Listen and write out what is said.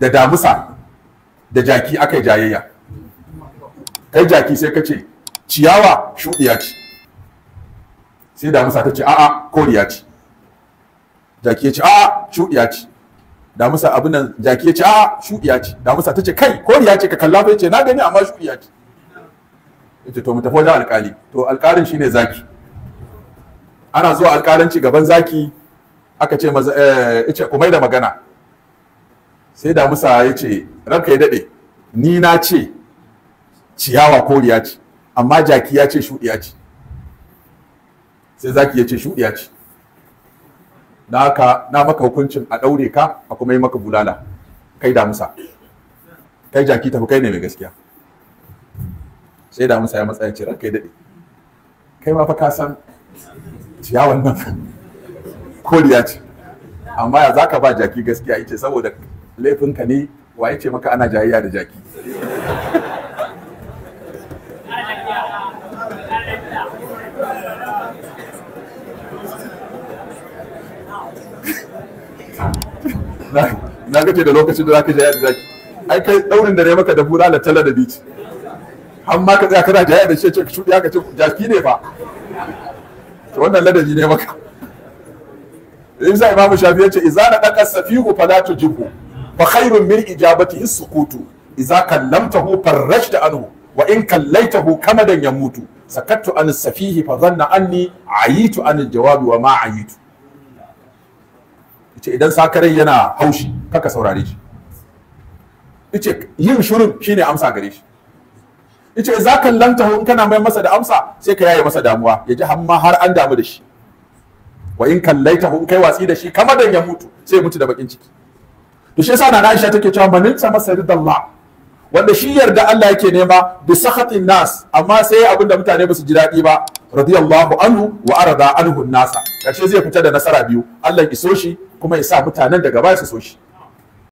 da damusa da jaki aka yi jayayya kai jaki sai ka ce ciyawa shuɗiya ce sai damusa ta ce a'a koriya ce jaki ya ce a'a shuɗiya ce damusa abin nan jaki ya ce a'a shuɗiya ce damusa ta ce kai koriya ce ka kalla fa ce na gani amma shuɗiya ce yace to mu tafi wajen alƙali to alƙalin shine zaki ana zuwa alƙalanci gaban zaki aka ce maza eh ce ku mai da magana sai da musa ya ce ranka ya daɗe ni na ce ciyawa koriya ce amma jaki ya ce shuɗiya ce sai zaki ya ce shuɗiya ce na na maka hukuncin a ɗaure ka a kuma yi maka bulala kai da musa kai jaki tafi kai ne mai gaskiya sai da musa ya matsa ya ce ranka ya daɗe kai ma fa ka san ciyawan nan koriya ce amma ya zaka ba jaki gaskiya ce saboda Laifin ka ne Wa ya ce maka ana jayayya da jaki na gace da lokacin da zaka jayayya da zaki ai kai daurin da ne maka da bura da talla da bici har ma ka tsaya kana jayayya da shi ce ka shudi haka ce jaki ne fa to wannan ladabi ne maka in sa imamu shafi yace idza na daka safihu fala tujibu fa khairun min ijabatihi sukutu idza kallamtahu farajta anhu wa in kallaitahu kamadan yamutu sakattu an safihi fa dhanna anni ayitu an jawabi wa ma ayitu yace idan sakarai yana haushi kaka saurare shi yace yin shirin shine amsa gare shi yace za ka lanta in kana mai masa da amsa sai ka yaye masa damuwa ya ji hamma har an damu da shi wa in kallaita in kai watsi da shi kamadan ya mutu sai mutu da bakin ciki to shi yasa na Aisha take cewa man sama saridallah wanda shi yarda Allah yake nema bi sakhatin nas amma sai abin da mutane ba su ji dadi ba radiyallahu anhu wa arada anhu nasa kace zai fita da nasara biyu Allah ya so shi kuma ya sa mutanen daga baya su so shi